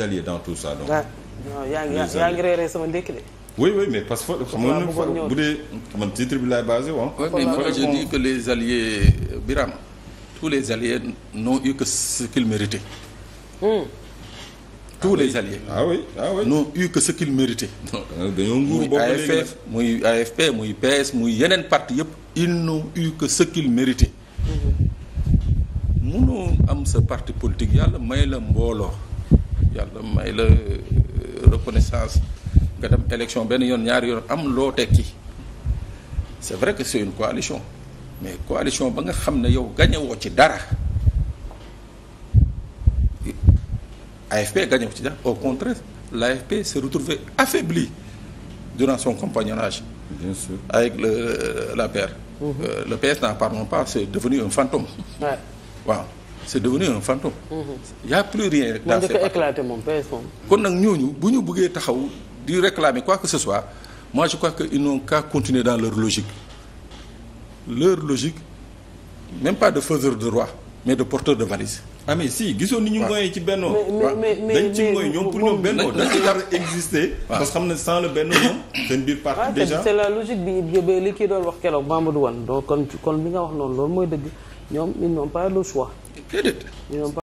alliés dans tout ça donc. Ah, non que xam nga bu dee man titre bi laay basé woon. Ah. oui mais les alliés Birame tous les alliés n'ont eu que ce qu'ils muy AFP muy PS muy yeneen parti yëpp. ils n'ont eu que ce qu'ils hmm. munoo am sa parti politique yàlla may la mbooloo. yàlla may la euh, reconnaissance nga dem élection benn yoon ñaari yoon am loo tekki c'est vrai que c'est une coalition mais coalition ba nga xam ne yow gañe ci dara AFP gañe woo ci dara au contraire l'AFP s'est retrouvée affaiblie durant son compagnonnage bien sûr avec le euh, la paire mmh. euh, le PS n'en parlons pas c'est devenu un fantôme waaw c'est devenu un fantôme. Mm-hmm. y a plus rien rek. dans ces éclaté moom PS moom. nag ñooñu bu ñu buggee taxaw di réclamer quoi que ce soit moi je crois que ils n'ont qu'à continuer dans leur logique leur logique même pas de faiseur de roi mais de porteur de valise. ah mais si gisoon ni ñu ngoyee ci bennoo. mais ci ngoy ñoom pour ñoom bennoo dañ ci war a exister. parce que xam ne sans le bennoo ñoom seen biir parti déjà. c'est logique bi li kii doon wax keroog Mamadou Wane donc kon kon nga wax noonu loolu mooy ñoom ils n'ont pas le choix. déedéet.